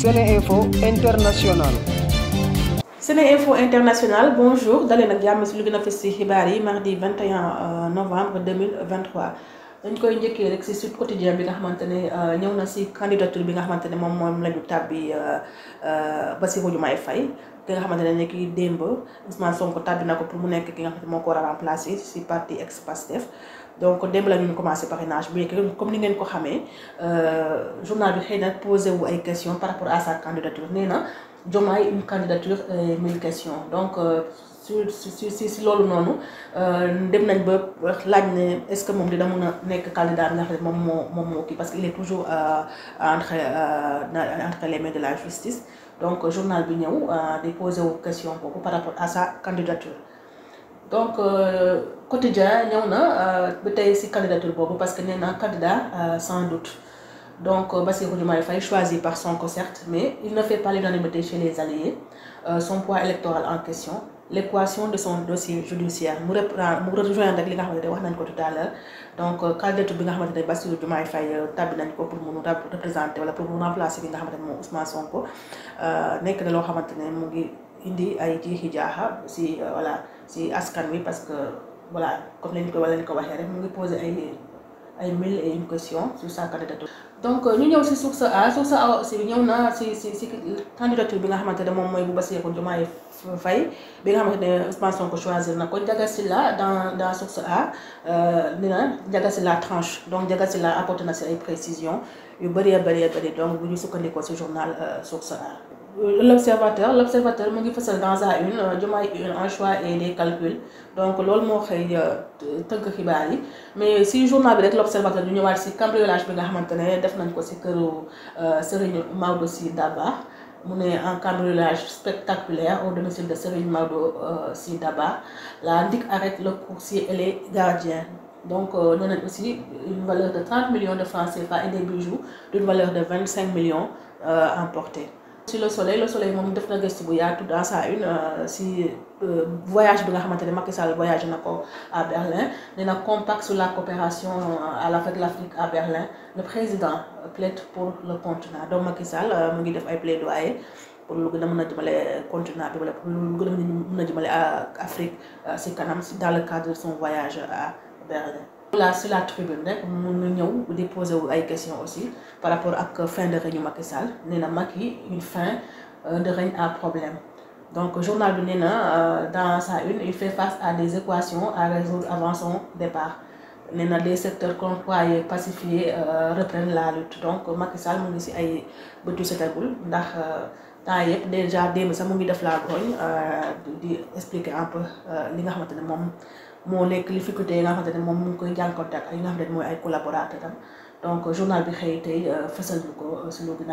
Sénéinfo International. Sénéinfo International bonjour dalee nag jàmm si lu gën a fës si xibaar yi mardi 21 euh, novembre 2023. dañ koy njëkkee rek si Sud Quotidien bi nga xamante ne euh, ñëw na si candidature bi nga xamante ne moom moom la ñu tàbbi euh, euh, Bassirou Diomaye Faye ki nga xamante ne ne ki démb Ousmane Sonko tàbbi na ko pour mu nekk ki nga xamante moo ko war a remplacer si parti ex Pastef donc démb la ñu commencé parrainage bi comme ni ngeen ko xamee journal bi xëy na posé wu ay question par rapport à sa candidature nee na Diomaye une candidature mille questions donc si si si si loolu noonu euh, dem nañ ba laaj ne est-ce que moom dina mun a nekk candidat ndax moom moo moom moo kii parce que il est toujours euh, entre euh, entre les mains de la justice donc journal bi ñëw di posé wu question boobu par rapport à sa candidature donc quotidien ñëw na ba tey si candidature boobu parce que nee na candidat sans doute donc Bassirou Diomaye Faye choisi par Sonko certes mais il ne fait pas l'unanimité chez les alliés son poids électoral en question l'équation de son dossier judiciaire mu reprendre mu rejoindre rek li nga xamante ne wax nañ ko tout donc euh, candidature bi nga xamante ne Bassirou Diomaye Faye euh, tabbi nañ ko pour mu représenter wala pour mu remplacer euh, nekk na loo xamante ne mu ngi indi ay jiixi jaaxa si voilà si askan wi parce que voilà comme lañ ko wala lañ ko waxee rek mu ngi poser ay ay mille et une questions sur sa candidature donc euh, ñu ñëw si source a source a aussi ñëw na si si si bi nga xamante ne moom mooy bu Bassirou Diomaye Faye bi nga xamante ne Ousmane ko choisir na ko Ndiaga Sylla dans dans source a euh, dina Ndiaga la tranche donc Ndiaga Sylla apporté na si ay précisions yu bëree bari bëri donc bu ñu sukkandikoo si journal euh, source a l'observateur l'observateur mu ngi fësal dans à une Diomaye euh, une un choix et des donc loolu moo xëy euh, tënk xibaar yi mais si journal bi rek l'observateur ñu ñëwaat si cambriolage bi nga xamante ne def nañ ko si këru euh, Serigne Maodo Sy Dabakh mu ne en cambriolage spectaculaire au domicile de Serigne Maodo Sy Dabakh la DIC arrête le coursier et les gardiens donc nee nañ aussi une valeur de 30 millions de francs CFA et des bijoux d'une valeur de 25 millions emportés si le soleil le soleil moom def na gëstu bu yaatu dans sa une euh, si euh, voyage bi nga xamante ne Macky Sall voyage na ko à Berlin nee na compact sur la coopération euh, avec l'Afrique à Berlin le président plaide pour le continent Sall mu ngi def ay plaidoyer lu gën a mën a jëmale continent bi wala pour lu gën a mën a jëmale Afrique si kanam dans le cadre de son voyage à Berlin. la sur la tribune rek mu na ñëw déposer wu ay question aussi par rapport ak fin de règne Macky Sall nee na Macky une fin euh, de règne à problème donc journal bi nee na euh, dans sa une il fait face à des équations à résoudre avant son départ nee na de secteurs concroyés pacifiés euh, reprennent la lutte donc Macky Sall mu ngi ci ay bëtu setagul ndax euh, temps yëpp déjà démb sax mu ngi def la grogne di expliquer un peu li nga xamante ne moom moo nekk li difficulté yi nga xamante ne moom mu ngi koy jànkoonte ak yi nga xamante ne mooy ay collaborateurs am donc journal bi xëy tey euh, fësal ñu ko euh, si lu gën bi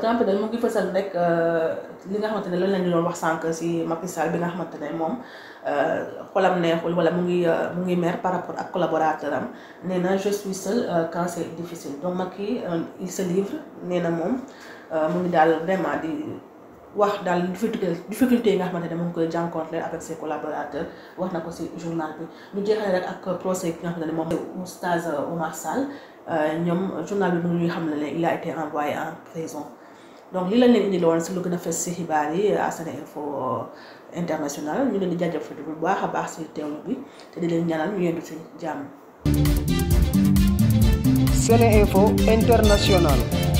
grand dañ mu ngi fësal rek euh, li nga xamante ne lan la ñu doon wax sànq si Macky bi nga xamante ne moom xolam neexul wala mu ngi mu ngi mer par rapport ak collaborateur am nee na je suis seul quand c'est difficile donc Macky il se livre nee na moom mu ngi daal vraiment di. wax daal difficulté yi nga xamante ne mu ngi koy jànkoonte avec ses collaborateurs wax na ko ci journal bi ñu jeexale rek ak procès moom Oustaz Oumar Sall euh, ñoom journal mu ñuy xam ne il la été envoyé en prison donc li lañ leen indi loon ci lu gën a fës ci xibaar yi euh, a Sene Info euh, International ñu leen di jaajëfal bu baax a baax ci teewlu bi te di leen ñaanal ñu yendu ci jàmm Sene Info International